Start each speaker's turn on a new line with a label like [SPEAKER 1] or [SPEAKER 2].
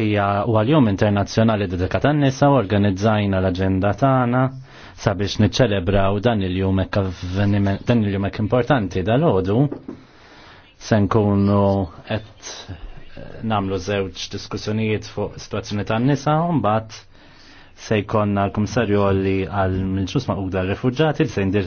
[SPEAKER 1] ija u għal-jum internazzjonali dedikat għan-nisa u organizzajna l-agenda tagħna sabiex niċċelebraw dan il-jum dan il-jum ekk importanti dal ħodu se nkunu qed eh, namlu żewġ diskussjonijiet fuq situazzjoni tan-nisa u mbagħad se jkollna l-Kumissarju għal għal
[SPEAKER 2] mill ma' l-refuġġati li se jindir